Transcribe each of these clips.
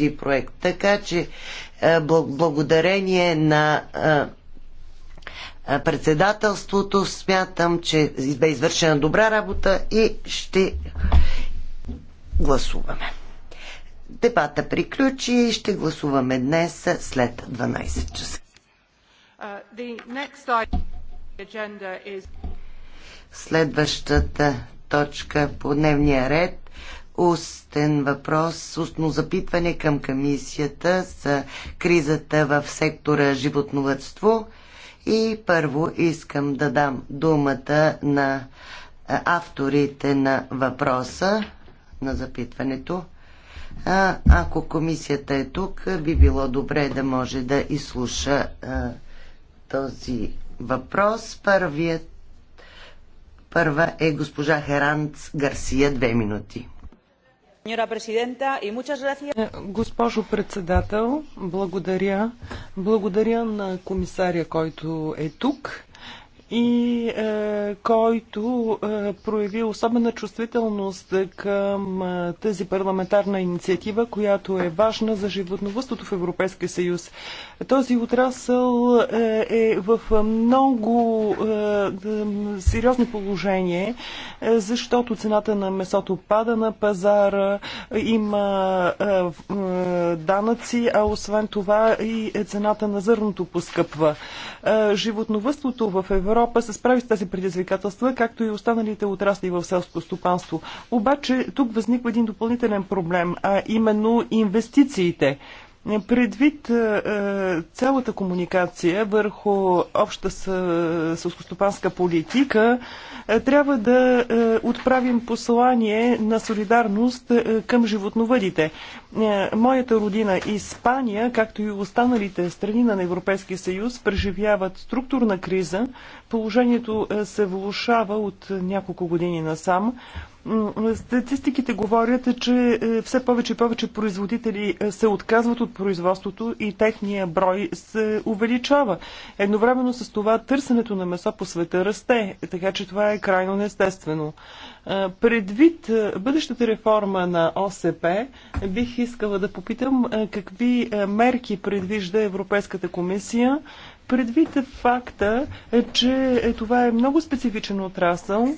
този проект. Така че е, благодарение на е, е, председателството смятам, че бе извършена добра работа и ще гласуваме. Дебата приключи и ще гласуваме днес след 12 часа. Uh, Следващата точка по дневния ред устен въпрос, устно запитване към комисията за кризата в сектора животновътство. И първо искам да дам думата на авторите на въпроса, на запитването. А, ако комисията е тук, би било добре да може да изслуша а, този въпрос. Първият, първа е госпожа Херанц Гарсия, две минути. Е, госпожо председател, благодаря. Благодаря на комисаря, който е тук и е, който е, прояви особена чувствителност към е, тази парламентарна инициатива, която е важна за животновъдството в Европейския съюз. Този отрасъл е, е в много е, е, сериозно положение, е, защото цената на месото пада на пазара, има е, е, данъци, а освен това и цената на зърното поскъпва. Е, животновъдството в Европа Европа се справи с тези предизвикателства, както и останалите отрасли в селско стопанство. Обаче тук възниква един допълнителен проблем, а именно инвестициите. Предвид е, е, цялата комуникация върху обща сълскостопанска е, политика, трябва да отправим послание на солидарност към животновъдите. Моята родина Испания, както и останалите страни на Европейския съюз, преживяват структурна криза, Положението е, се влушава от няколко години насам. Статистиките говорят, че е, все повече и повече производители е, се отказват от производството и техния брой се увеличава. Едновременно с това търсенето на месо по света расте, така че това е крайно неестествено. Предвид бъдещата реформа на ОСП, бих искала да попитам какви мерки предвижда Европейската комисия Предвид факта, е, че е, това е много специфичен отрасъл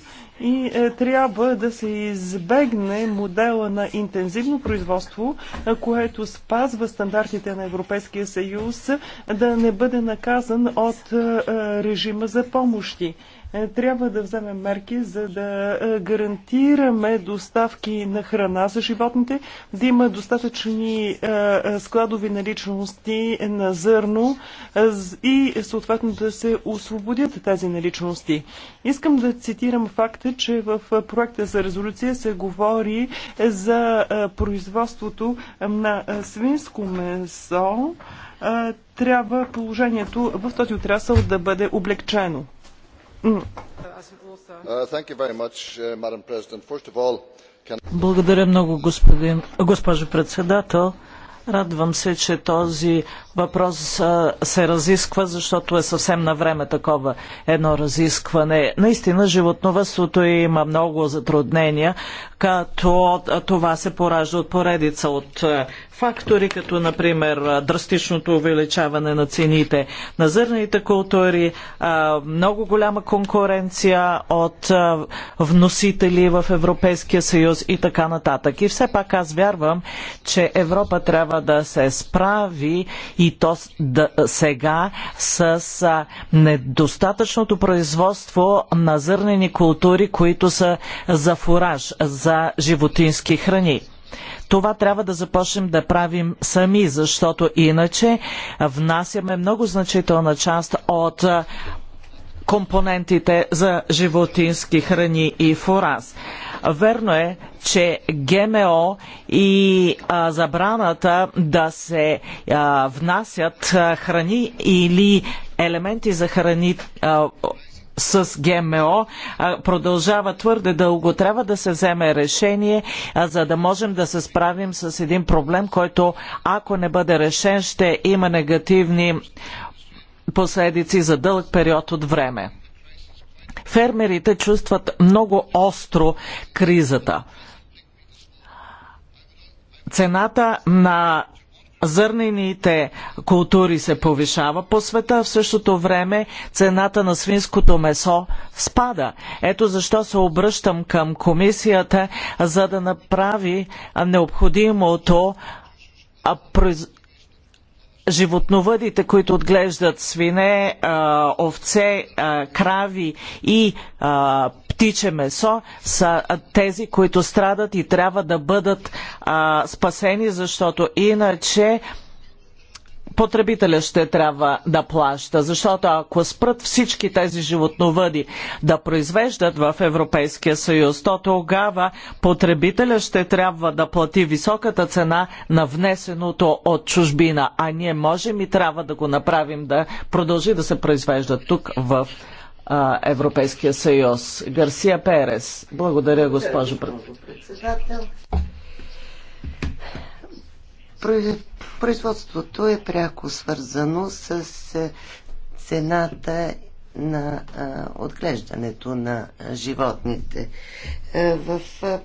и е, трябва да се избегне модела на интензивно производство, което спазва стандартите на Европейския съюз, да не бъде наказан от режима за помощи. Е, трябва да вземем мерки, за да е, гарантираме доставки на храна за животните, да има достатъчни е, складови наличности на зърно и съответно да се освободят тези наличности. Искам да цитирам факта, че в проекта за резолюция се говори за производството на свинско месо. Трябва положението в този отрасъл да бъде облегчено. Uh, uh, Благодаря много, госпожо председател. Радвам се, че този въпрос се разисква, защото е съвсем на време такова едно разискване. Наистина, животновътството има много затруднения, като това се поражда от поредица от фактори, като например драстичното увеличаване на цените на зърните култури, много голяма конкуренция от вносители в Европейския съюз и така нататък. И все пак аз вярвам, че Европа трябва да се справи и то сега с недостатъчното производство на зърнени култури, които са за фураж, за животински храни това трябва да започнем да правим сами, защото иначе внасяме много значителна част от компонентите за животински храни и фураж. Верно е, че ГМО и а, забраната да се а, внасят а, храни или елементи за храни а, с ГМО продължава твърде дълго. Трябва да се вземе решение, за да можем да се справим с един проблем, който ако не бъде решен, ще има негативни последици за дълъг период от време. Фермерите чувстват много остро кризата. Цената на зърнените култури се повишава по света, а в същото време цената на свинското месо спада. Ето защо се обръщам към комисията, за да направи необходимото животновъдите, които отглеждат свине, овце, крави и птиче месо, са тези, които страдат и трябва да бъдат спасени, защото иначе потребителя ще трябва да плаща, защото ако спрат всички тези животновъди да произвеждат в Европейския съюз, то тогава потребителя ще трябва да плати високата цена на внесеното от чужбина, а ние можем и трябва да го направим да продължи да се произвежда тук в а, Европейския съюз. Гарсия Перес. Благодаря, госпожо председател Производството е пряко свързано с е, цената на а, отглеждането на животните. А, е, в а,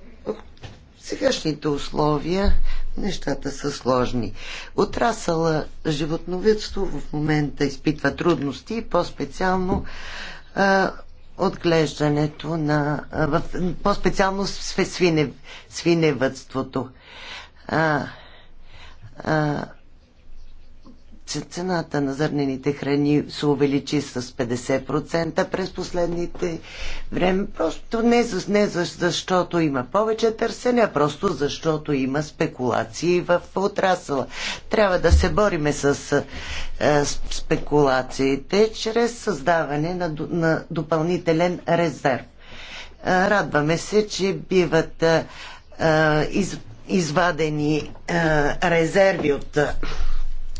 сегашните условия нещата са сложни. Отрасъла животноведство в момента изпитва трудности и по-специално отглеждането на... по-специално свиневътството. А, а, цената на зърнените храни се увеличи с 50% през последните време. Просто не, не защото има повече търсене, а просто защото има спекулации в отрасъла. Трябва да се бориме с с спекулациите чрез създаване на, на допълнителен резерв. Радваме се, че биват а, из, извадени а, е, резерви от а,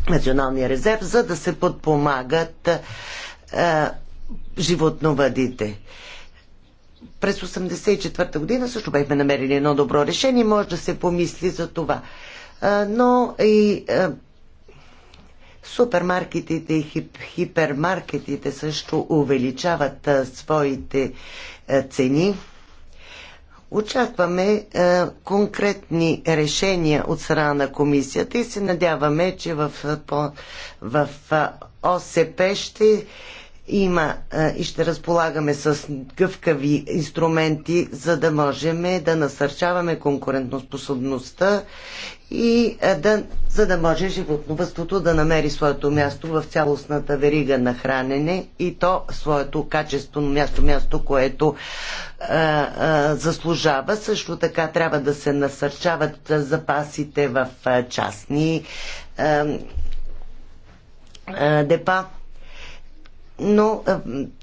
е, Националния резерв, за да се подпомагат а, е, животновъдите. През 1984 година също бяхме намерили едно добро решение, може да се помисли за това. А, но и а, супермаркетите и хип, хипермаркетите също увеличават а, своите а, цени Очакваме е, конкретни решения от страна на комисията и се надяваме, че в, е, по, в е, ОСП ще има е, и ще разполагаме с гъвкави инструменти, за да можем да насърчаваме конкурентоспособността и е, да, за да може животновътството да намери своето място в цялостната верига на хранене и то своето качествено място, място, което а, е, а, е, заслужава. Също така трябва да се насърчават запасите в частни а, а, депа но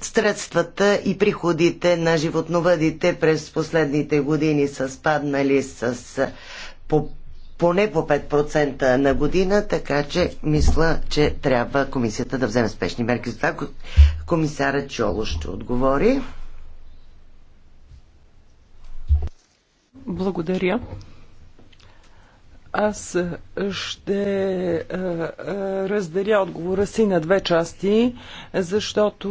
средствата и приходите на животновъдите през последните години са спаднали с по поне по 5% на година, така че мисля, че трябва комисията да вземе спешни мерки. За това комисара Чоло ще отговори. Благодаря. Аз ще а, разделя отговора си на две части, защото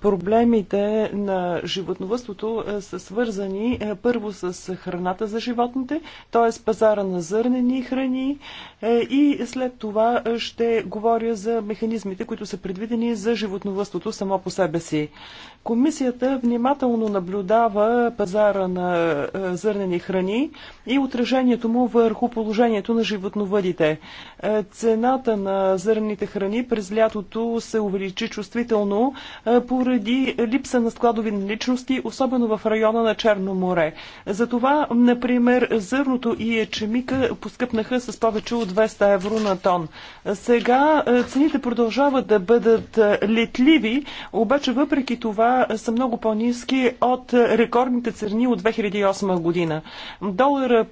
проблемите на животновътството са свързани първо с храната за животните, т.е. пазара на зърнени храни и след това ще говоря за механизмите, които са предвидени за животновътството само по себе си. Комисията внимателно наблюдава пазара на зърнени храни и отражението му върху положението положението на животновъдите. Е, цената на зърнените храни през лятото се увеличи чувствително е, поради липса на складови наличности, особено в района на Черно море. Затова, например, зърното и ечемика поскъпнаха с повече от 200 евро на тон. Сега е, цените продължават да бъдат летливи, обаче въпреки това са много по-низки от рекордните цени от 2008 година. Долара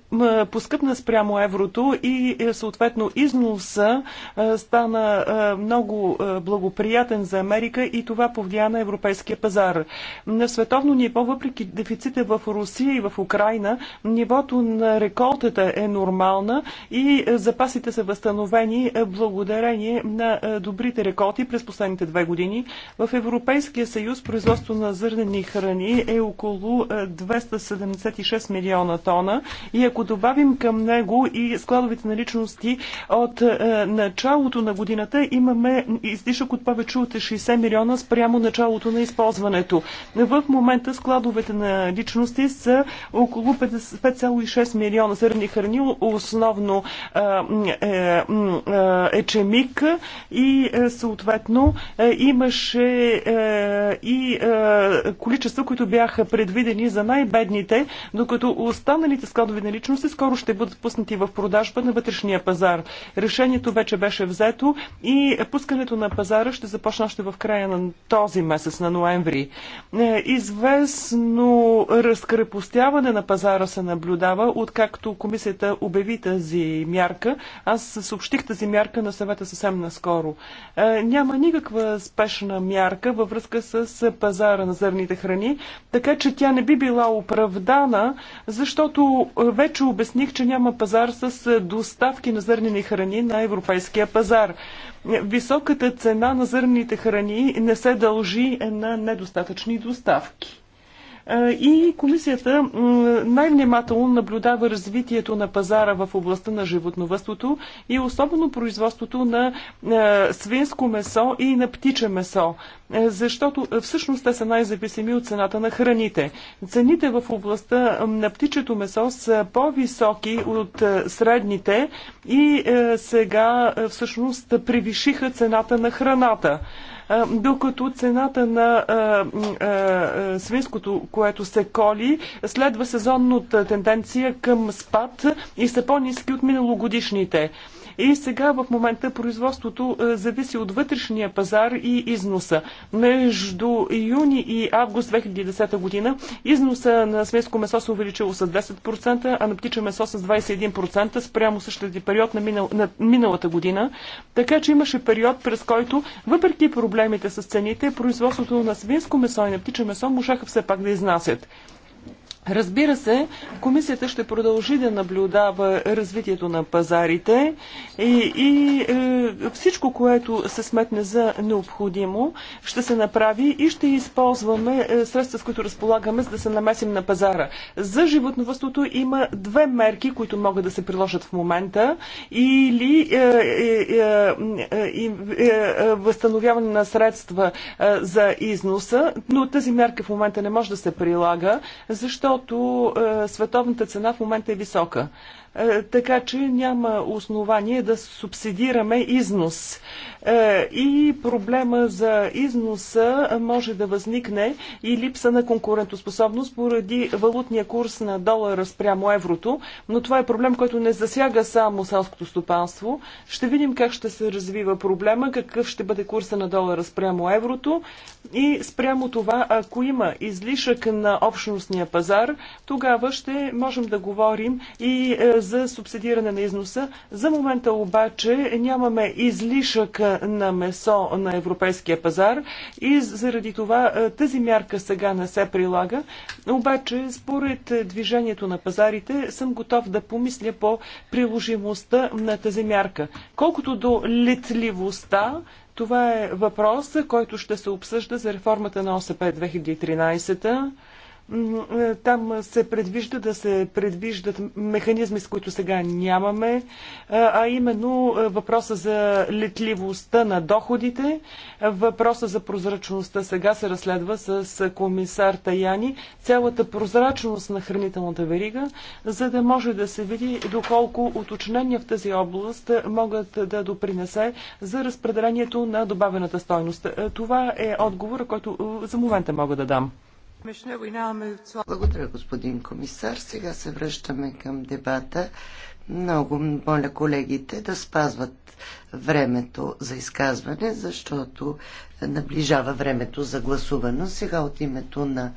поскъпна спрямо евро еврото и е, съответно износа е, стана е, много благоприятен за Америка и това повлия на европейския пазар. На световно ниво, въпреки дефицита в Русия и в Украина, нивото на реколтата е нормална и запасите са възстановени благодарение на добрите реколти през последните две години. В Европейския съюз производство на зърнени храни е около 276 милиона тона и ако добавим към него и складовите наличности от е, началото на годината имаме излишък от повече от 60 милиона спрямо началото на използването. В момента складовете на личности са около 5,6 милиона зърни храни, основно ечемик е, е, и съответно имаше и количества, които бяха предвидени за най-бедните, докато останалите складови наличности скоро ще бъдат пуснати в продажба на вътрешния пазар. Решението вече беше взето и пускането на пазара ще започне още в края на този месец, на ноември. Е, известно разкрепостяване на пазара се наблюдава, откакто комисията обяви тази мярка. Аз съобщих тази мярка на съвета съвсем наскоро. Е, няма никаква спешна мярка във връзка с пазара на зърните храни, така че тя не би била оправдана, защото вече обясних, че няма пазар с е, доставки на зърнени храни на европейския пазар. Високата цена на зърнените храни не се дължи на недостатъчни доставки. И комисията най-внимателно наблюдава развитието на пазара в областта на животновътството и особено производството на свинско месо и на птиче месо, защото всъщност те са най-зависими от цената на храните. Цените в областта на птичето месо са по-високи от средните и сега всъщност превишиха цената на храната докато цената на свинското, което се коли, следва сезонната тенденция към спад и са по-низки от миналогодишните. И сега в момента производството е, зависи от вътрешния пазар и износа. Между юни и август 2010 година износа на свинско месо се увеличило с 10%, а на птиче месо с 21% спрямо същия период на, минал, на миналата година. Така че имаше период, през който, въпреки проблемите с цените, производството на свинско месо и на птиче месо можаха все пак да изнасят. Разбира се, комисията ще продължи да наблюдава развитието на пазарите и, и е, всичко, което се сметне за необходимо, ще се направи и ще използваме е, средства, с които разполагаме, за да се намесим на пазара. За животновъдството има две мерки, които могат да се приложат в момента или е, е, е, е, е възстановяване на средства за износа, но тази мерка в момента не може да се прилага, защото защото е, световната цена в момента е висока. Е, така че няма основание да субсидираме износ. Е, и проблема за износа може да възникне и липса на конкурентоспособност поради валутния курс на долара спрямо еврото, но това е проблем, който не засяга само селското стопанство. Ще видим как ще се развива проблема, какъв ще бъде курса на долара спрямо еврото и спрямо това, ако има излишък на общностния пазар, пазар, тогава ще можем да говорим и е, за субсидиране на износа. За момента обаче нямаме излишък е, на месо на европейския пазар и заради това е, тази мярка сега не се прилага. Обаче, според движението на пазарите, съм готов да помисля по приложимостта на тази мярка. Колкото до летливостта, това е въпрос, който ще се обсъжда за реформата на ОСП 2013. Там се предвижда да се предвиждат механизми, с които сега нямаме, а именно въпроса за летливостта на доходите, въпроса за прозрачността сега се разследва с комисар Таяни, цялата прозрачност на хранителната верига, за да може да се види доколко уточнения в тази област могат да допринесе за разпределението на добавената стойност. Това е отговор, който за момента мога да дам. Благодаря, господин комисар. Сега се връщаме към дебата. Много моля колегите да спазват времето за изказване, защото наближава времето за гласуване. Сега от името на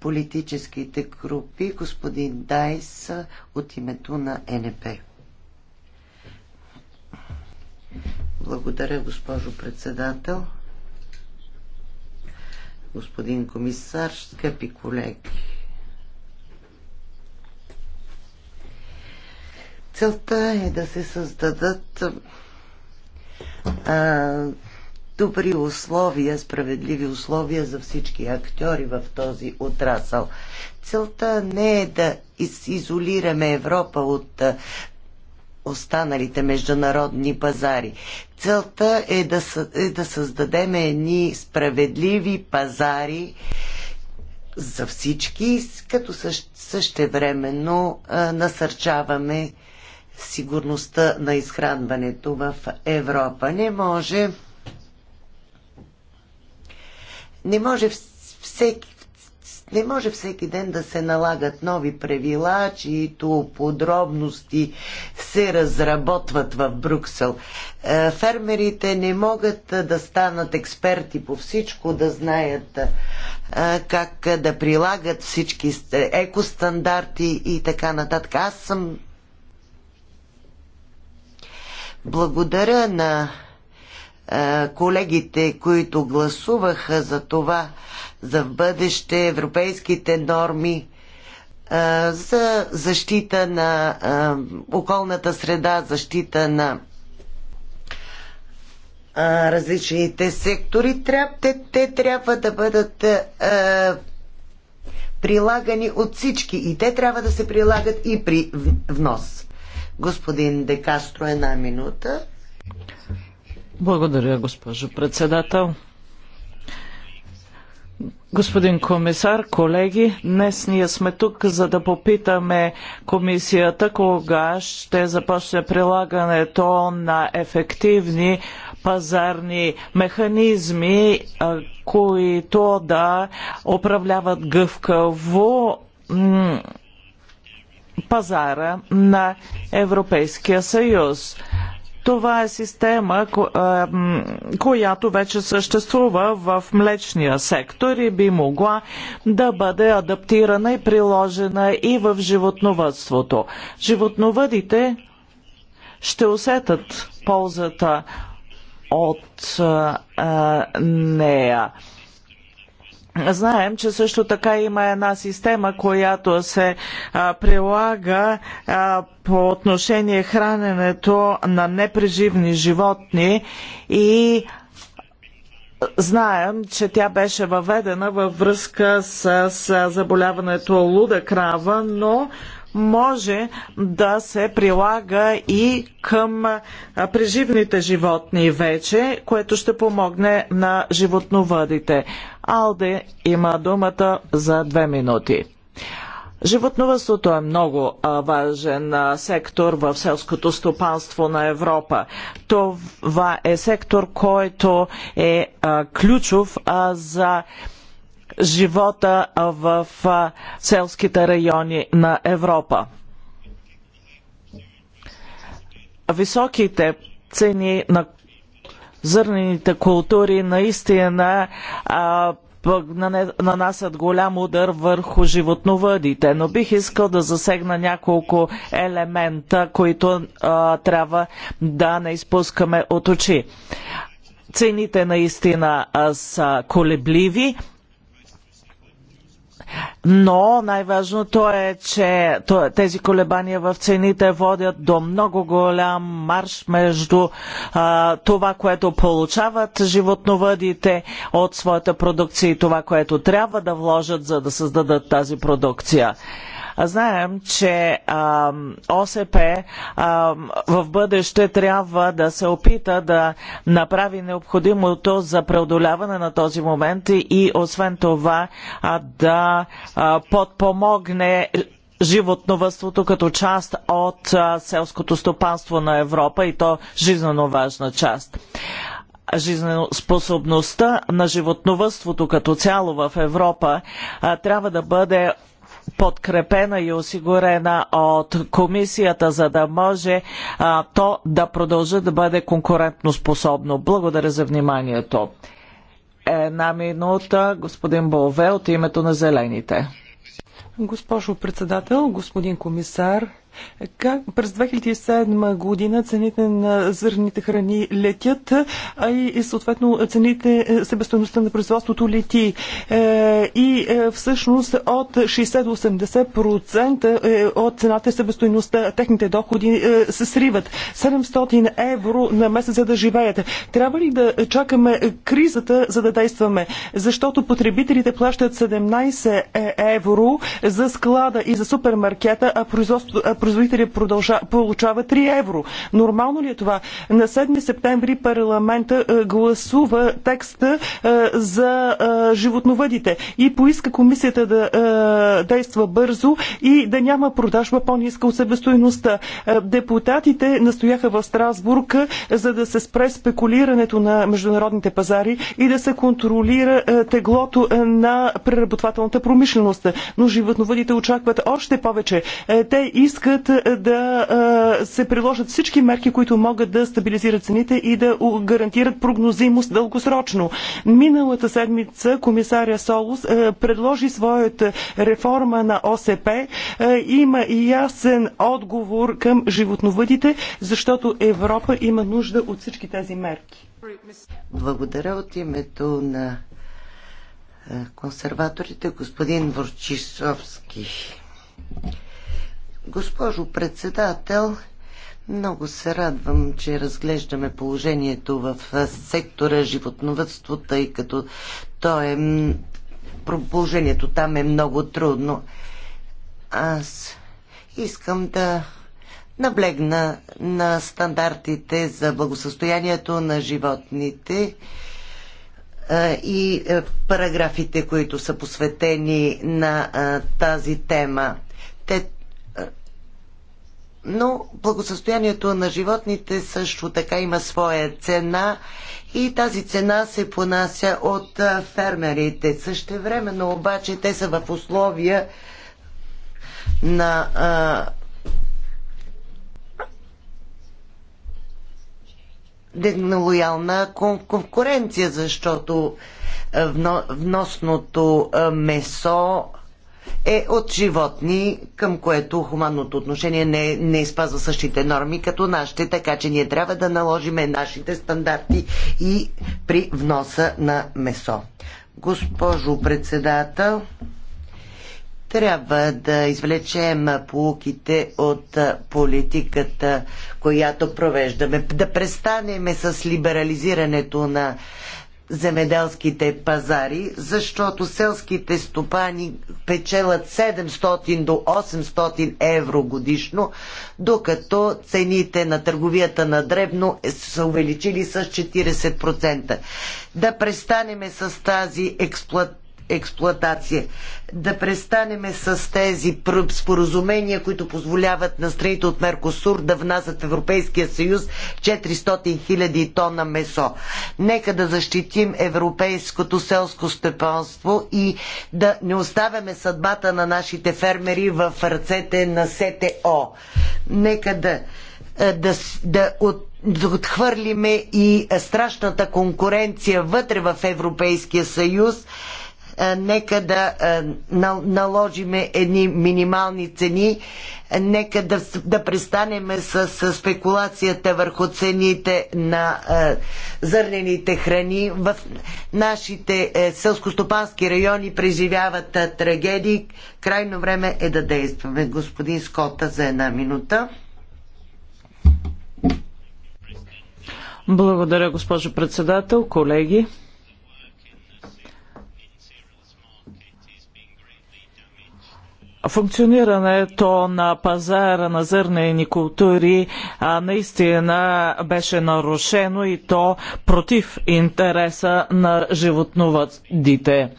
политическите групи, господин Дайс от името на НП. Благодаря, госпожо председател господин комисар, скъпи колеги. Целта е да се създадат а, добри условия, справедливи условия за всички актьори в този отрасъл. Целта не е да изолираме Европа от останалите международни пазари. Целта е да, е да създадем едни справедливи пазари за всички, като същевременно насърчаваме сигурността на изхранването в Европа. Не може не може всеки не може всеки ден да се налагат нови правила, чието подробности се разработват в Брюксел. Е, фермерите не могат да станат експерти по всичко, да знаят е, как да прилагат всички е, екостандарти и така нататък. Аз съм благодаря на е, колегите, които гласуваха за това, за в бъдеще европейските норми е, за защита на е, околната среда, защита на различните сектори, те, те трябва да бъдат прилагани от всички и те трябва да се прилагат и при внос. Господин Декастро, една минута. Благодаря, госпожо председател. Господин комисар, колеги, днес ние сме тук, за да попитаме комисията кога ще започне прилагането на ефективни пазарни механизми, които да управляват гъвкаво пазара на Европейския съюз. Това е система, която вече съществува в млечния сектор и би могла да бъде адаптирана и приложена и в животновътството. Животновъдите ще усетат ползата от нея. Знаем, че също така има една система, която се а, прилага а, по отношение храненето на непреживни животни и Знаем, че тя беше въведена във връзка с, с заболяването луда крава, но може да се прилага и към преживните животни вече, което ще помогне на животновъдите. Алде има думата за две минути. Животновъдството е много важен сектор в селското стопанство на Европа. Това е сектор, който е ключов за живота в селските райони на Европа. Високите цени на зърнените култури наистина а, нанасят голям удар върху животновъдите, но бих искал да засегна няколко елемента, които а, трябва да не изпускаме от очи. Цените наистина а, са колебливи, но най-важното е, че тези колебания в цените водят до много голям марш между а, това, което получават животновъдите от своята продукция и това, което трябва да вложат, за да създадат тази продукция. Знаем, че ОСП в бъдеще трябва да се опита да направи необходимото за преодоляване на този момент и освен това да подпомогне животновъдството като част от селското стопанство на Европа и то жизненно важна част жизнеспособността на животновъдството като цяло в Европа а, трябва да бъде подкрепена и осигурена от комисията, за да може а, то да продължи да бъде способно. Благодаря за вниманието. Една минута, господин Болве, от името на Зелените. Госпожо председател, господин комисар, как през 2007 година цените на зърните храни летят, а и съответно цените, е, себестоеността на производството лети. Е, и е, всъщност от 60 до 80% от цената и себестоеността, техните доходи се сриват. 700 евро на месец за да живеете. Трябва ли да чакаме кризата, за да действаме? Защото потребителите плащат 17 евро за склада и за супермаркета, а производството производителя продължа, получава 3 евро. Нормално ли е това? На 7 септември парламента е, гласува текста е, за е, животновъдите и поиска комисията да действа бързо и да няма продажба по-ниска от себестойността. Депутатите настояха в Страсбург, за да се спре спекулирането на международните пазари и да се контролира теглото на преработвателната промишленост. Но животновъдите очакват още повече. Те искат бъдат е, да е, се приложат всички мерки, които могат да стабилизират цените и да гарантират прогнозимост дългосрочно. Миналата седмица комисаря Солус е, предложи своята реформа на ОСП. Има ясен отговор към животновъдите, защото Европа има нужда от всички тези мерки. Благодаря от името на консерваторите господин Ворчишовски. Госпожо председател, много се радвам, че разглеждаме положението в сектора животновътство, тъй като то е, положението там е много трудно. Аз искам да наблегна на стандартите за благосъстоянието на животните и параграфите, които са посветени на тази тема. Те но благосъстоянието на животните също така има своя цена и тази цена се понася от фермерите. също но обаче те са в условия на а, нелоялна конкуренция, защото вносното месо е от животни, към което хуманното отношение не, не изпазва същите норми като нашите, така че ние трябва да наложиме нашите стандарти и при вноса на месо. Госпожо председател, трябва да извлечем полуките от политиката, която провеждаме. Да престанеме с либерализирането на земеделските пазари, защото селските стопани печелят 700 до 800 евро годишно, докато цените на търговията на дребно е- са увеличили с 40%. Да престанеме с тази експлуатация експлоатация. Да престанеме с тези споразумения, които позволяват на страните от Меркосур да внасят в Европейския съюз 400 000 тона месо. Нека да защитим европейското селско степанство и да не оставяме съдбата на нашите фермери в ръцете на СТО. Нека да, е, да, да от да отхвърлиме и страшната конкуренция вътре в Европейския съюз е, нека да е, наложиме едни минимални цени, нека да, да престанеме с, с спекулацията върху цените на е, зърнените храни. В нашите е, селскостопански райони преживяват трагедии. Крайно време е да действаме. Господин Скота за една минута. Благодаря, госпожо председател, колеги. функционирането на пазара на зърнени култури а, наистина беше нарушено и то против интереса на животновъдите.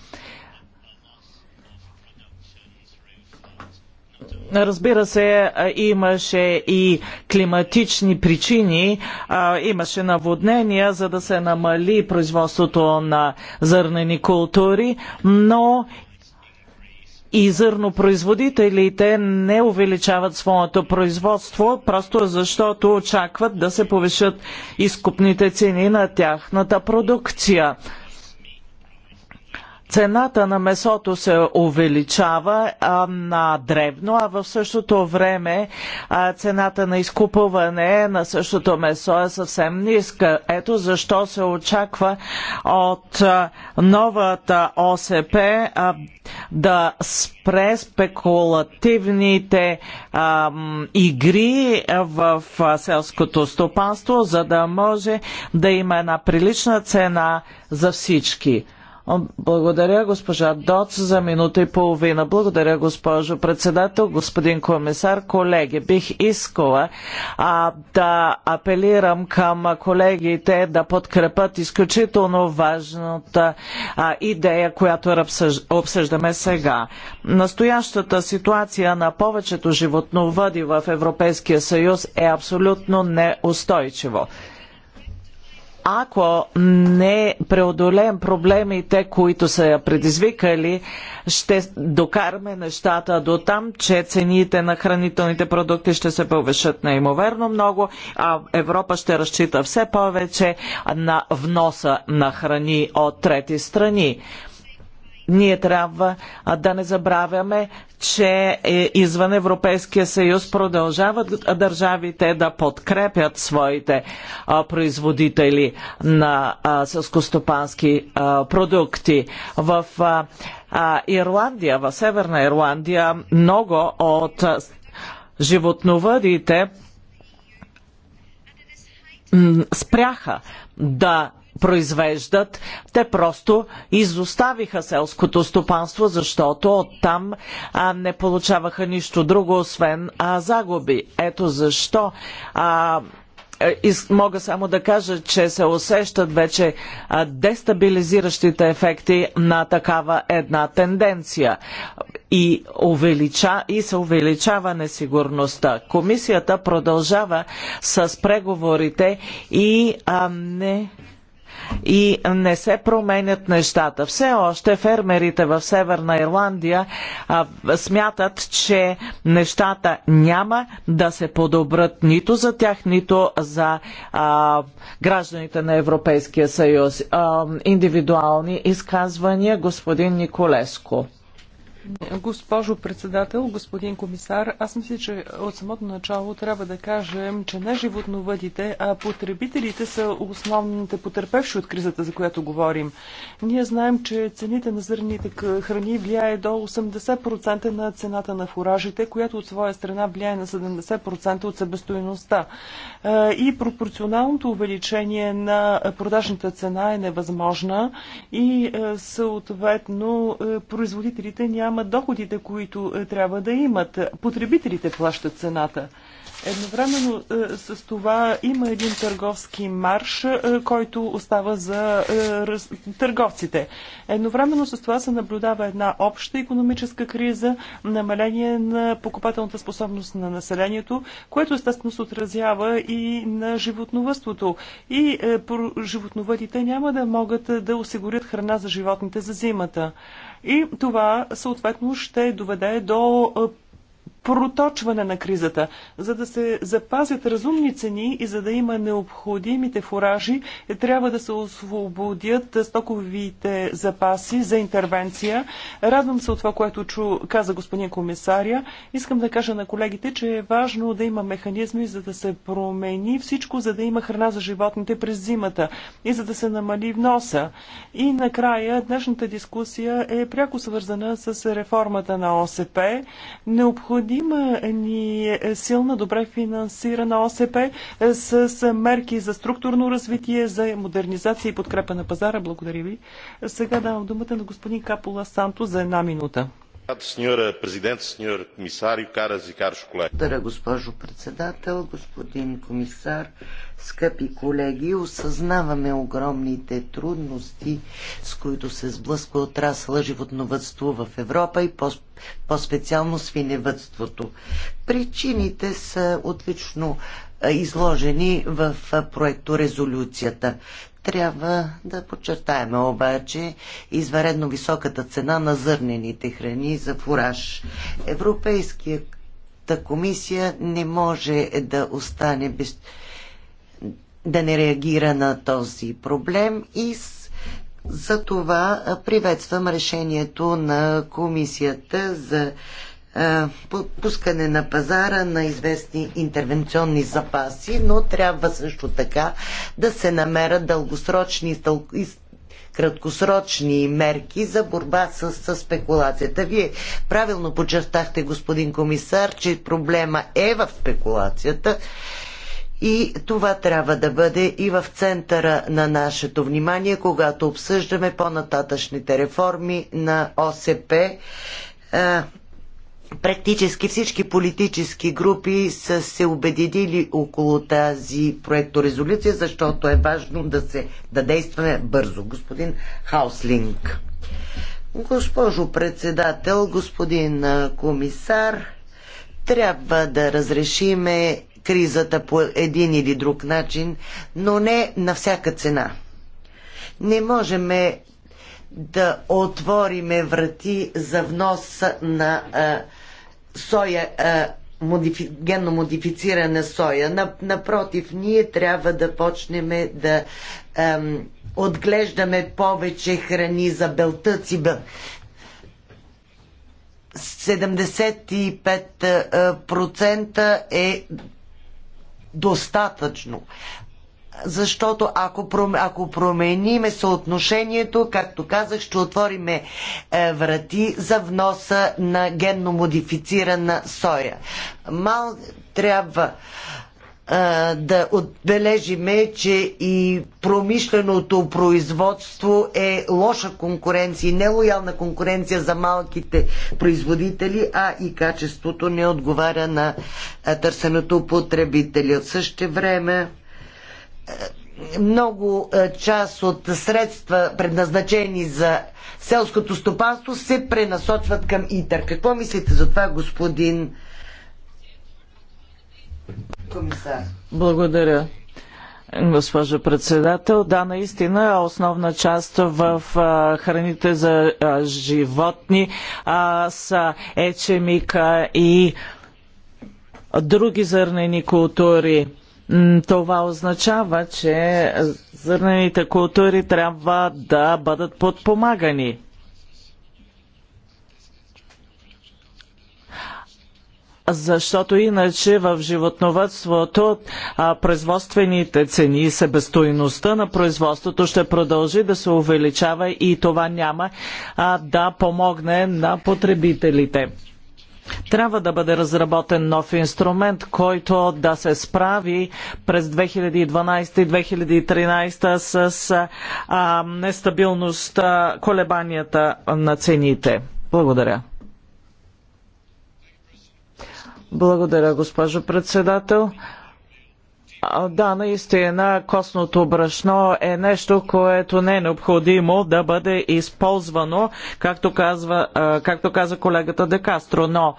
Разбира се, имаше и климатични причини, имаше наводнения, за да се намали производството на зърнени култури, но и зърнопроизводителите не увеличават своето производство, просто защото очакват да се повишат изкупните цени на тяхната продукция цената на месото се увеличава а, на дребно, а в същото време а, цената на изкупуване на същото месо е съвсем ниска. Ето защо се очаква от а, новата ОСП а, да спре спекулативните а, игри в а, селското стопанство, за да може да има една прилична цена за всички. Благодаря, госпожа Доц, за минута и половина. Благодаря, госпожо председател, господин комисар, колеги. Бих искала а, да апелирам към колегите да подкрепят изключително важната а, идея, която обсъждаме сега. Настоящата ситуация на повечето животновъди в Европейския съюз е абсолютно неустойчиво ако не преодолеем проблемите, които са я предизвикали, ще докараме нещата до там, че цените на хранителните продукти ще се повишат неимоверно много, а Европа ще разчита все повече на вноса на храни от трети страни ние трябва да не забравяме, че е, извън Европейския съюз продължават държавите да подкрепят своите производители на сълскостопански продукти. В Ирландия, в Северна Ирландия, много от животновъдите спряха да произвеждат, те просто изоставиха селското стопанство, защото оттам а, не получаваха нищо друго, освен а, загуби. Ето защо а, е, мога само да кажа, че се усещат вече дестабилизиращите ефекти на такава една тенденция и, увелича, и се увеличава несигурността. Комисията продължава с преговорите и а, не и не се променят нещата. Все още фермерите в Северна Ирландия а, смятат, че нещата няма да се подобрат нито за тях, нито за а, гражданите на Европейския съюз. А, индивидуални изказвания, господин Николеско. Госпожо председател, господин комисар, аз мисля, че от самото начало трябва да кажем, че не животновъдите, а потребителите са основните потерпевши от кризата, за която говорим. Ние знаем, че цените на зърните храни влияе до 80% на цената на фуражите, която от своя страна влияе на 70% от себестоиността. Е, и пропорционалното увеличение на продажната цена е невъзможна и е, съответно е, производителите няма имат доходите, които е, трябва да имат. Потребителите плащат цената. Едновременно е, с това има един търговски марш, е, който остава за търговците. Едновременно с това се наблюдава една обща економическа криза, намаление на покупателната способност на населението, което естествено се отразява и на животновътството. И животновъдите няма да могат да осигурят храна за животните за зимата и това съответно ще доведе до проточване на кризата, за да се запазят разумни цени и за да има необходимите фуражи, е, трябва да се освободят стоковите запаси за интервенция. Радвам се от това, което чу, каза господин комисаря. Искам да кажа на колегите, че е важно да има механизми, за да се промени всичко, за да има храна за животните през зимата и за да се намали вноса. И накрая днешната дискусия е пряко свързана с реформата на ОСП. Необходимо има ни е, силна, добре финансирана ОСП е, с мерки за структурно развитие, за модернизация и подкрепа на пазара. Благодаря ви. Сега давам думата на господин Капола Санто за една минута. E Благодаря, госпожо председател, господин комисар, скъпи колеги. Осъзнаваме огромните трудности, с които се сблъсква отрасъла животновътство в Европа и по-специално свиневътството. Причините са отлично изложени в проекторезолюцията. Трябва да подчертаем обаче изваредно високата цена на зърнените храни за фураж. Европейската комисия не може да остане без да не реагира на този проблем и за това приветствам решението на комисията за е, пускане на пазара на известни интервенционни запаси, но трябва също така да се намерят дългосрочни и краткосрочни мерки за борба с, с спекулацията. Вие правилно подчертахте, господин комисар, че проблема е в спекулацията. И това трябва да бъде и в центъра на нашето внимание, когато обсъждаме по-нататъчните реформи на ОСП. Е, практически всички политически групи са се обединили около тази проекторезолюция, защото е важно да се да действаме бързо. Господин Хауслинг. Госпожо председател, господин комисар, трябва да разрешиме кризата по един или друг начин, но не на всяка цена. Не можем да отвориме врати за внос на а, соя, а, модифи, генно модифицирана соя. Напротив, ние трябва да почнем да а, отглеждаме повече храни за белтъци. 75% е достатъчно защото ако, ако промениме съотношението, както казах, ще отвориме е, врати за вноса на генно модифицирана соя. Мал трябва е, да отбележиме, че и промишленото производство е лоша конкуренция, нелоялна конкуренция за малките производители, а и качеството не отговаря на е, търсеното потребители. От същото време много е, част от средства, предназначени за селското стопанство, се пренасочват към ИТАР. Какво мислите за това, господин комисар? Благодаря. Госпожо председател, да, наистина основна част в а, храните за а, животни а, са ечемика и други зърнени култури това означава, че зърнените култури трябва да бъдат подпомагани. Защото иначе в животновътството производствените цени и себестоиността на производството ще продължи да се увеличава и това няма да помогне на потребителите. Трябва да бъде разработен нов инструмент, който да се справи през 2012 и 2013 с а, нестабилността, колебанията на цените. Благодаря. Благодаря, госпожо председател. Да, наистина костното брашно е нещо, което не е необходимо да бъде използвано, както казва, както каза колегата Декастро, но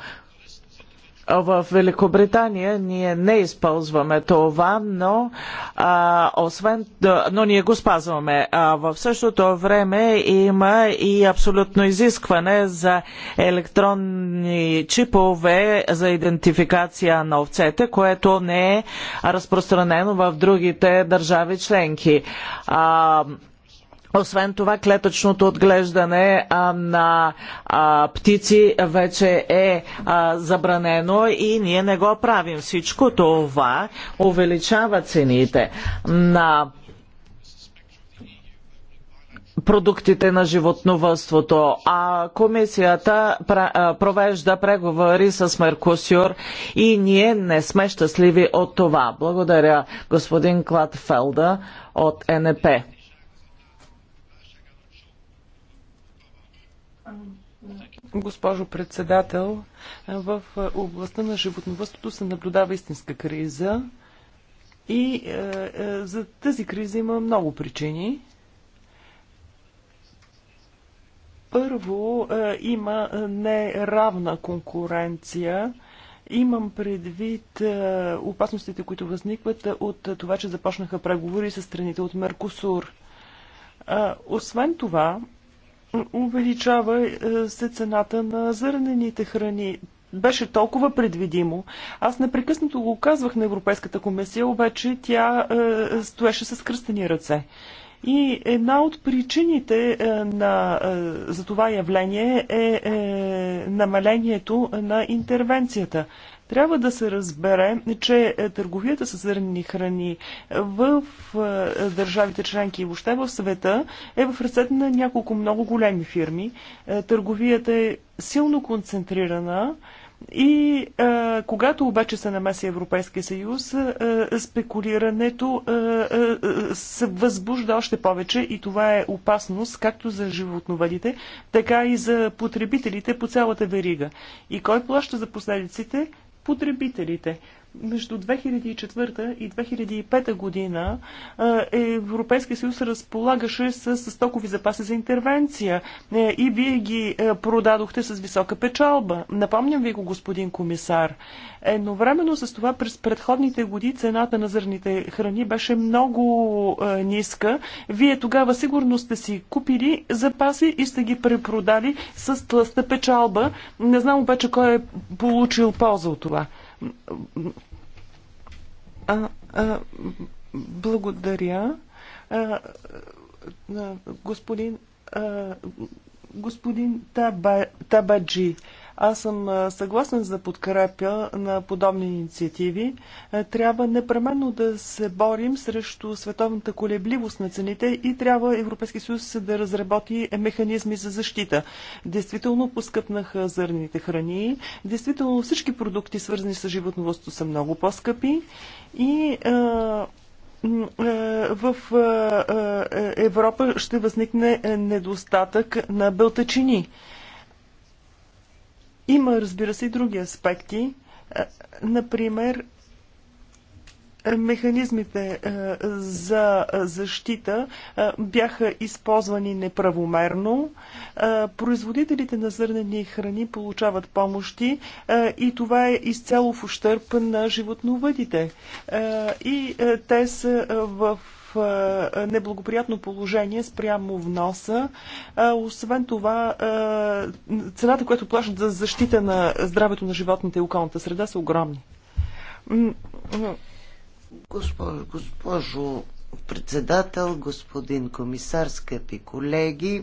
в Великобритания ние не използваме това, но, а, освен, но ние го спазваме. А, в същото време има и абсолютно изискване за електронни чипове за идентификация на овцете, което не е разпространено в другите държави членки. А, освен това, клетъчното отглеждане а, на а, птици вече е а, забранено и ние не го правим. Всичко това увеличава цените на продуктите на животновътството, а комисията провежда преговори с Меркусюр и ние не сме щастливи от това. Благодаря господин Клад Фелда от НП. Госпожо председател, в областта на животновъдството се наблюдава истинска криза и е, е, за тази криза има много причини. Първо, е, има неравна конкуренция. Имам предвид опасностите, които възникват от това, че започнаха преговори с страните от Меркосур. освен това, увеличава е, се цената на зърнените храни. Беше толкова предвидимо. Аз непрекъснато го казвах на Европейската комисия, обаче тя е, стоеше с кръстени ръце. И една от причините е, на, е, за това явление е намалението на интервенцията. Трябва да се разбере, че е, търговията с зърнени храни в е, държавите членки и въобще в света е в ръцете на няколко много големи фирми. Е, търговията е силно концентрирана. И когато обаче се намеси Европейския съюз, спекулирането се възбужда още повече и това е опасност както за животновъдите, така и за потребителите по цялата верига. И кой плаща за последиците? потребителите между 2004 и 2005 година Европейския съюз разполагаше с стокови запаси за интервенция е, и вие ги е, продадохте с висока печалба. Напомням ви го, господин комисар. Едновременно с това през предходните години цената на зърните храни беше много е, ниска. Вие тогава сигурно сте си купили запаси и сте ги препродали с тлъста печалба. Не знам обаче кой е получил полза от това а, а, благодаря. А, господин, а, господин Таба, Табаджи. Аз съм съгласен за подкрепя на подобни инициативи. Трябва непременно да се борим срещу световната колебливост на цените и трябва Европейски съюз да разработи механизми за защита. Действително поскъпнаха зърнените храни, действително всички продукти, свързани с животноводството, са много по-скъпи и в Европа ще възникне недостатък на бълтачини. Има, разбира се, и други аспекти. Е, например, е, механизмите е, за защита бяха използвани неправомерно. Производителите на зърнени храни получават помощи и това е изцяло в ущърп на животновъдите. И те са в е, е, неблагоприятно положение спрямо вноса. Е, освен това, цената, която плащат за защита на здравето на животните и околната среда са огромни. Госпожо, госпожо председател, господин комисар, скъпи колеги,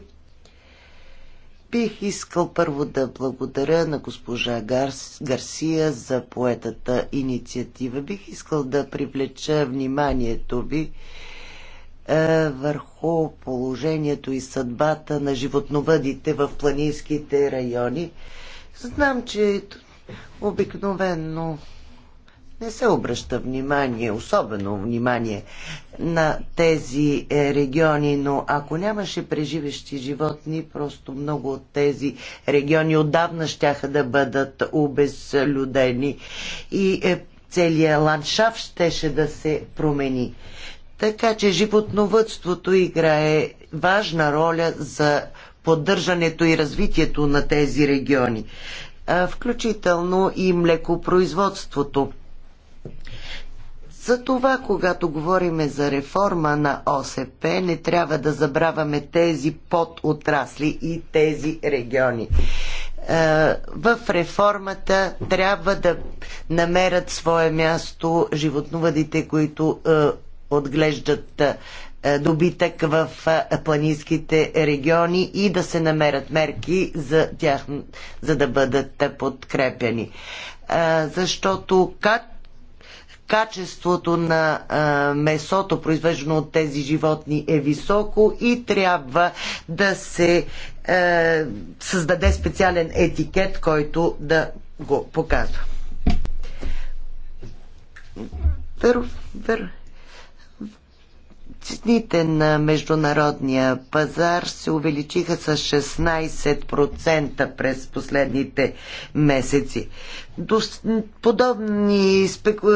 бих искал първо да благодаря на госпожа Гарс, Гарсия за поетата инициатива. Бих искал да привлеча вниманието ви е, върху положението и съдбата на животновъдите в планинските райони. Знам, че обикновенно не се обръща внимание, особено внимание на тези е, региони, но ако нямаше преживещи животни, просто много от тези региони отдавна щяха да бъдат обезлюдени и е, целият ландшафт щеше да се промени. Така че животновътството играе важна роля за поддържането и развитието на тези региони, включително и млекопроизводството. Затова, когато говорим за реформа на ОСП, не трябва да забравяме тези подотрасли и тези региони. В реформата трябва да намерят свое място животновъдите, които отглеждат добитък в планинските региони и да се намерят мерки за, тях, за да бъдат подкрепени. Защото как качеството на а, месото, произвеждано от тези животни, е високо и трябва да се а, създаде специален етикет, който да го показва. Веро, веро. Цените на международния пазар се увеличиха с 16% през последните месеци. До подобни спеку...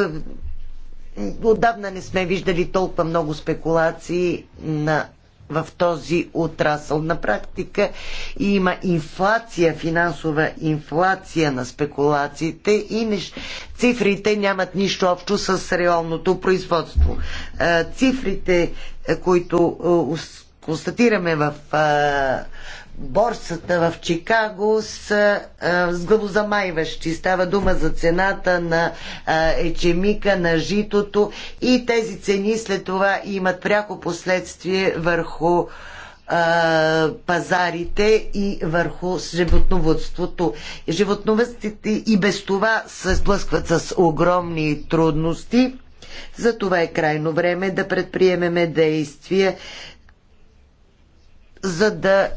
Отдавна не сме виждали толкова много спекулации на в този отрасъл. На практика има инфлация, финансова инфлация на спекулациите и неш... цифрите нямат нищо общо с реалното производство. Е, цифрите, е, които е, констатираме в борсата в Чикаго са а, сглавозамайващи. Става дума за цената на а, ечемика, на житото и тези цени след това имат пряко последствие върху пазарите и върху животновътството. Животновъдствите и без това се сблъскват с огромни трудности. Затова е крайно време да предприемеме действия за да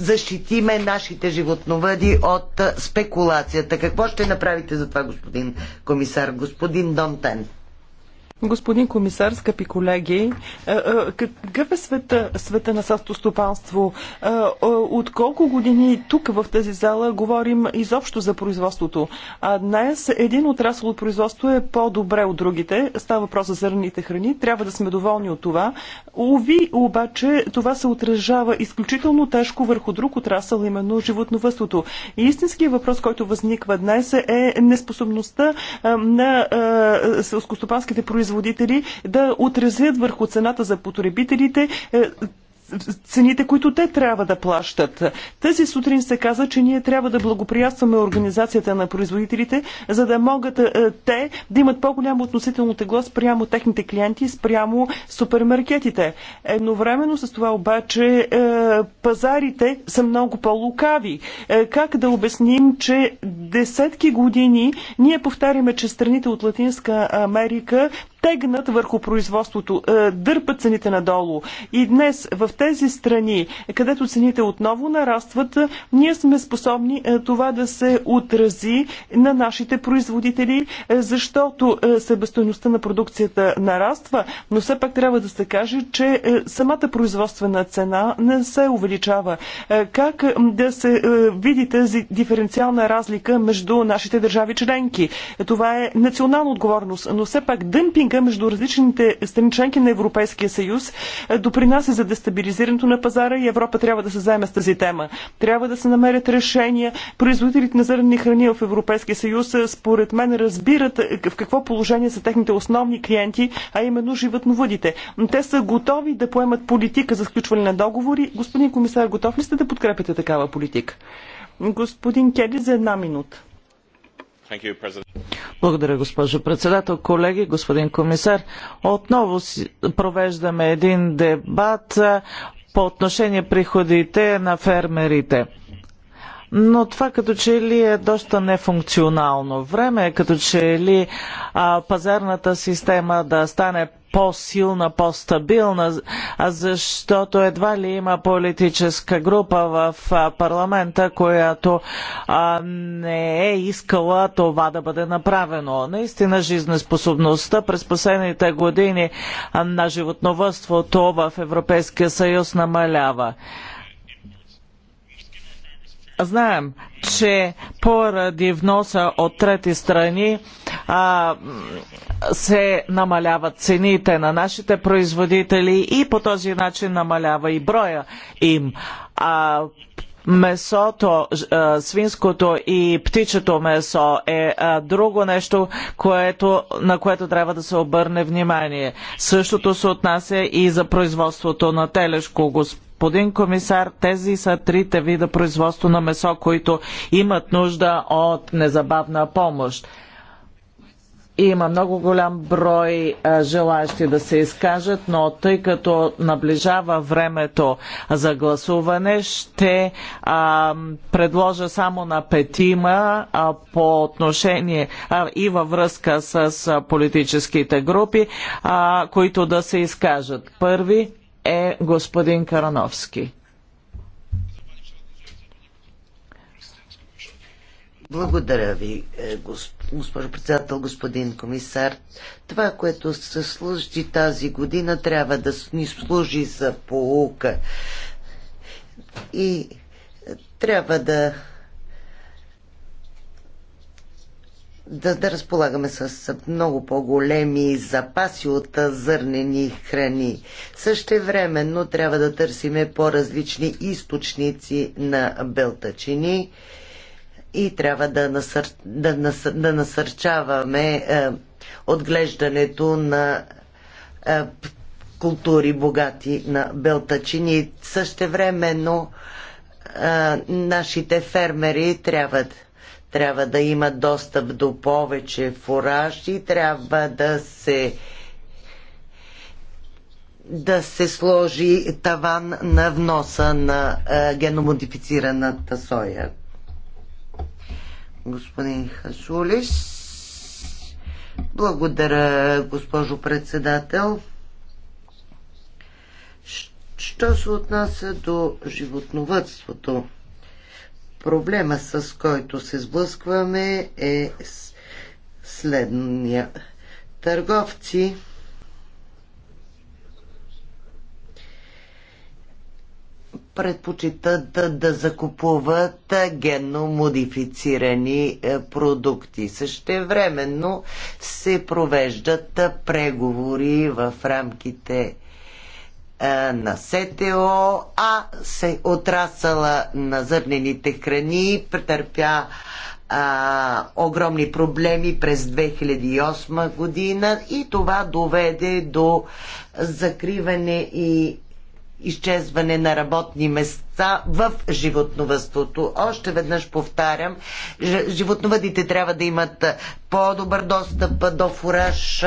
защитиме нашите животновъди от спекулацията. Какво ще направите за това, господин комисар? Господин Донтен. Господин комисар, скъпи колеги, е, е, какъв е света, света на стопанство? Е, от колко години тук в тази зала говорим изобщо за производството? А днес един отрасъл от производство е по-добре от другите. Става въпрос за зърните храни. Трябва да сме доволни от това. Ови, обаче, това се отражава изключително тежко върху друг отрасъл, именно животновъството. И истинският въпрос, който възниква днес е неспособността на селскостопанските производства производители да отразят върху цената за потребителите е, цените, които те трябва да плащат. Тази сутрин се каза, че ние трябва да благоприятстваме организацията на производителите, за да могат е, те да имат по-голямо относително тегло спрямо техните клиенти, спрямо супермаркетите. Едновременно с това обаче е, пазарите са много по-лукави. Как да обясним, че десетки години ние повтаряме, че страните от Латинска Америка тегнат върху производството, е, дърпат цените надолу. И днес в тези страни, където цените отново нарастват, е, ние сме способни е, това да се отрази на нашите производители, защото себестойността на продукцията нараства, но все пак трябва да се каже, че самата производствена цена не се увеличава. Как да се види тази диференциална разлика между нашите държави членки? Това е национална отговорност, но все пак дъмпинг рейтинга между различните страни членки на Европейския съюз е, допринася за дестабилизирането на пазара и Европа трябва да се заеме с тази тема. Трябва да се намерят решения. Производителите на зърнени храни в Европейския съюз, е, според мен, разбират е, в какво положение са техните основни клиенти, а именно животновъдите. Те са готови да поемат политика за сключване на договори. Господин комисар, готов ли сте да подкрепите такава политика? Господин Кели за една минута. Благодаря, госпожо председател. Колеги, господин комисар, отново провеждаме един дебат по отношение приходите на фермерите. Но това като че ли е доста нефункционално. Време е като че ли а, пазарната система да стане по-силна, по-стабилна, защото едва ли има политическа група в парламента, която а, не е искала това да бъде направено. Наистина жизнеспособността през последните години на животновътството в Европейския съюз намалява. Знаем, че поради вноса от трети страни а, се намаляват цените на нашите производители и по този начин намалява и броя им. А, месото, свинското и птичето месо е друго нещо, което, на което трябва да се обърне внимание. Същото се отнася и за производството на телешко, господин господин комисар, тези са трите вида производство на месо, които имат нужда от незабавна помощ. Има много голям брой е, желащи да се изкажат, но тъй като наближава времето за гласуване, ще а, предложа само на петима а, по отношение а, и във връзка с политическите групи, които да се изкажат. Първи е господин Карановски. Благодаря ви, е, госпожо председател, господин комисар. Това, което се служи тази година, трябва да ни служи за полука. И е, трябва да да, да разполагаме с много по-големи запаси от зърнени храни. но трябва да търсиме по-различни източници на белтачини и трябва да, насър... да, насър... да насърчаваме е, отглеждането на е, култури богати на белтачини. Същевременно е, нашите фермери трябва да трябва да има достъп до повече и трябва да се да се сложи таван на вноса на е, геномодифицираната соя. Господин Хасулис. Благодаря, госпожо председател. Що се отнася до животновътството? Проблема, с който се сблъскваме, е следния. Търговци предпочитат да, да закупуват генно модифицирани е, продукти. Същевременно се провеждат преговори в рамките е, на СТО, а се отрасъла на зърнените храни претърпя а, е, огромни проблеми през 2008 година и това доведе до закриване и изчезване на работни места в животновътството. Още веднъж повтарям, животновъдите трябва да имат по-добър достъп до фураж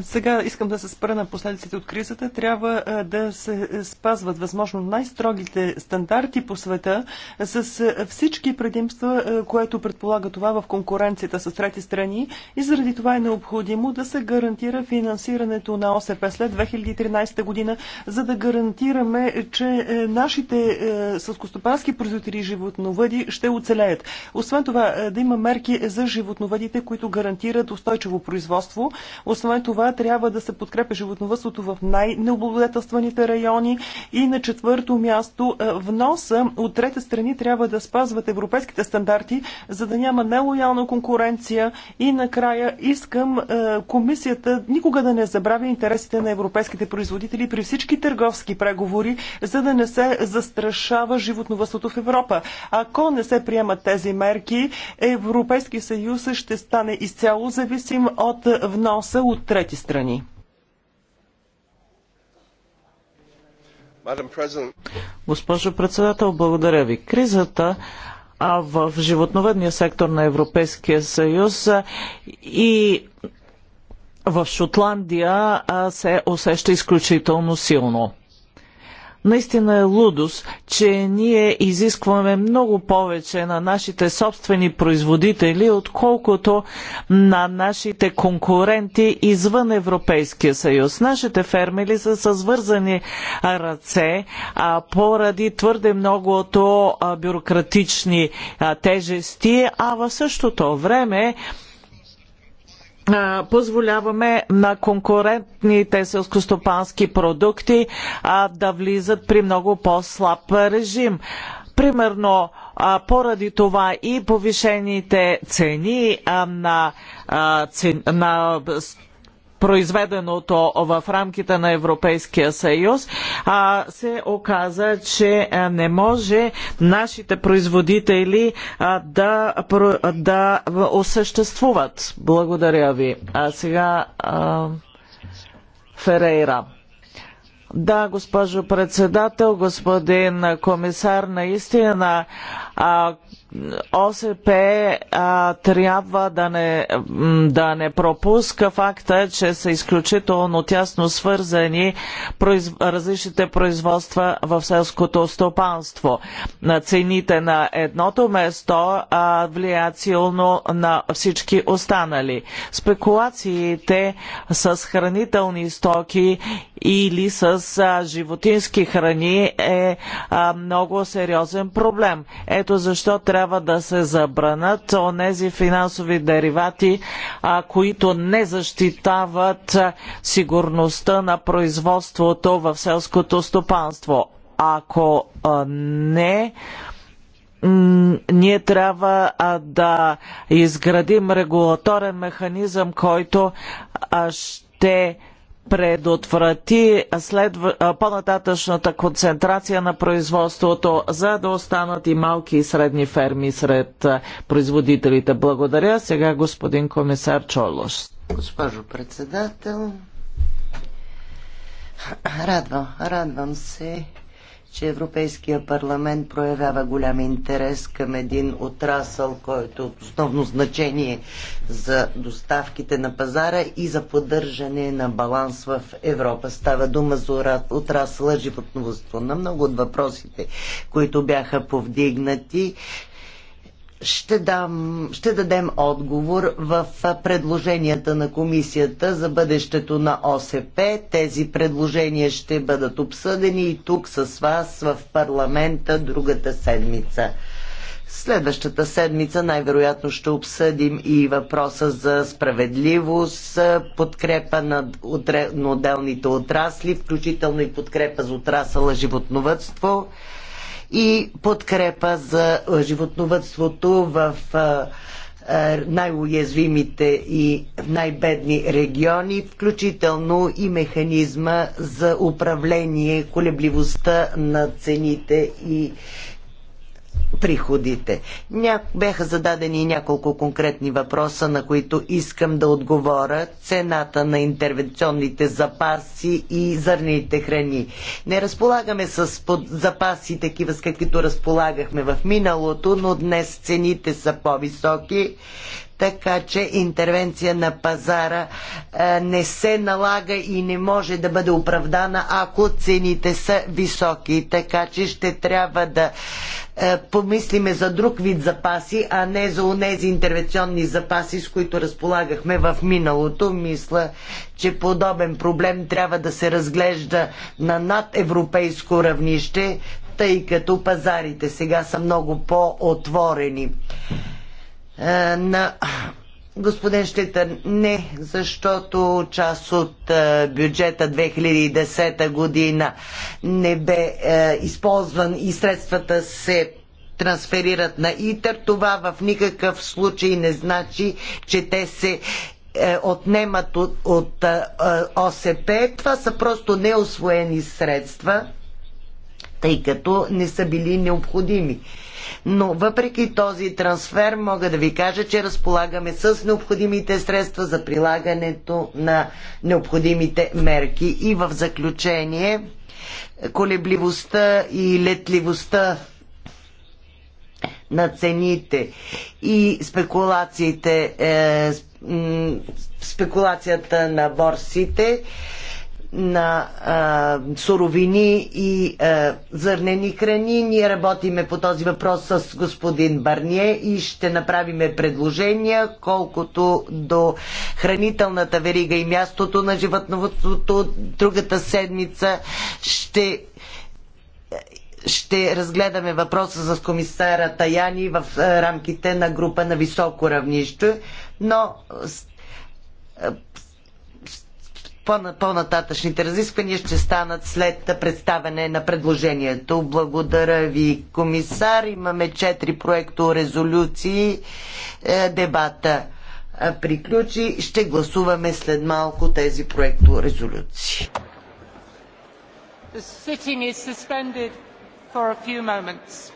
Сега искам да се спра на последиците от кризата. Трябва да се спазват възможно най-строгите стандарти по света с всички предимства, което предполага това в конкуренцията с трети страни и заради това е необходимо да се гарантира финансирането на ОСП след 2013 година, за да гарантираме, че е, нашите е, съскостопански производители животновъди ще оцелеят. Освен това, е, да има мерки за животновъдите, които гарантират устойчиво производство. Освен освен това, трябва да се подкрепя животновътството в най-необлагодетелстваните райони. И на четвърто място, е, вноса от трета страни трябва да спазват европейските стандарти, за да няма нелоялна конкуренция. И накрая искам е, комисията никога да не забравя интересите на европейските производители при всички търговски преговори, за да не се застрашава животновътството в Европа. Ако не се приемат тези мерки, Европейски съюз ще стане изцяло зависим от вноса от трети страни. Госпожо председател, благодаря ви. Кризата а в животновъдния сектор на Европейския съюз и в Шотландия се усеща изключително силно наистина е лудост, че ние изискваме много повече на нашите собствени производители, отколкото на нашите конкуренти извън Европейския съюз. Нашите фермери са с вързани ръце а, поради твърде многото а, бюрократични а, тежести, а в същото време а, позволяваме на конкурентните селскостопански продукти да влизат при много по-слаб режим. Примерно, поради това и повишените цени на, на произведеното в рамките на Европейския съюз, а се оказа, че не може нашите производители да, да осъществуват. Благодаря ви. А сега а, Ферейра. Да, госпожо председател, господин комисар, наистина а, ОСП а, трябва да не, да не пропуска факта, че са изключително тясно свързани произ... различните производства в селското стопанство. На цените на едното место а, влияят силно на всички останали. Спекулациите с хранителни стоки или с а, животински храни е а, много сериозен проблем. Ето защо трябва трябва да се забранат онези финансови деривати, които не защитават сигурността на производството в селското стопанство. Ако не, ние трябва да изградим регулаторен механизъм, който ще предотврати следва, по-нататъчната концентрация на производството, за да останат и малки и средни ферми сред производителите. Благодаря. Сега господин комисар Чолос. Госпожо председател, радвам, радвам се, че Европейския парламент проявява голям интерес към един отрасъл, който е от основно значение за доставките на пазара и за поддържане на баланс в Европа. Става дума за отрасъла животновство. На много от въпросите, които бяха повдигнати, ще, дам, ще дадем отговор в предложенията на комисията за бъдещето на ОСП. Тези предложения ще бъдат обсъдени и тук с вас в парламента другата седмица. Следващата седмица най-вероятно ще обсъдим и въпроса за справедливост, подкрепа на, отре, на отделните отрасли, включително и подкрепа за отрасъла животновътство и подкрепа за животновътството в най-уязвимите и най-бедни региони, включително и механизма за управление колебливостта на цените и приходите. Ня... Бяха зададени няколко конкретни въпроса, на които искам да отговоря. Цената на интервенционните запаси и зърните храни. Не разполагаме с под... запаси такива, с каквито разполагахме в миналото, но днес цените са по-високи така че интервенция на пазара е, не се налага и не може да бъде оправдана, ако цените са високи. Така че ще трябва да е, помислиме за друг вид запаси, а не за онези интервенционни запаси, с които разполагахме в миналото. Мисля, че подобен проблем трябва да се разглежда на надевропейско равнище, тъй като пазарите сега са много по-отворени. Е, на господин Штитър. Не, защото част от е, бюджета 2010 година не бе е, използван и средствата се трансферират на ИТЕР. Това в никакъв случай не значи, че те се отнемат от, от ОСП. Това са просто неосвоени средства тъй като не са били необходими. Но въпреки този трансфер мога да ви кажа, че разполагаме с необходимите средства за прилагането на необходимите мерки. И в заключение, колебливостта и летливостта на цените и спекулациите, е, спекулацията на борсите на а, суровини и а, зърнени храни. Ние работиме по този въпрос с господин Барние и ще направиме предложения, колкото до хранителната верига и мястото на животновътството. Другата седмица ще ще разгледаме въпроса с комисара Таяни в рамките на група на високо равнище, но по-нататъчните разисквания ще станат след представяне на предложението. Благодаря ви, комисар. Имаме четири проекто резолюции. Е, дебата е, приключи. Ще гласуваме след малко тези проекто резолюции. The sitting is suspended for a few moments.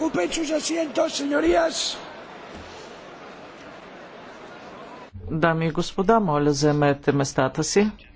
Ocupen sus asientos, señorías. Дами и господа, моля, заемете местата си.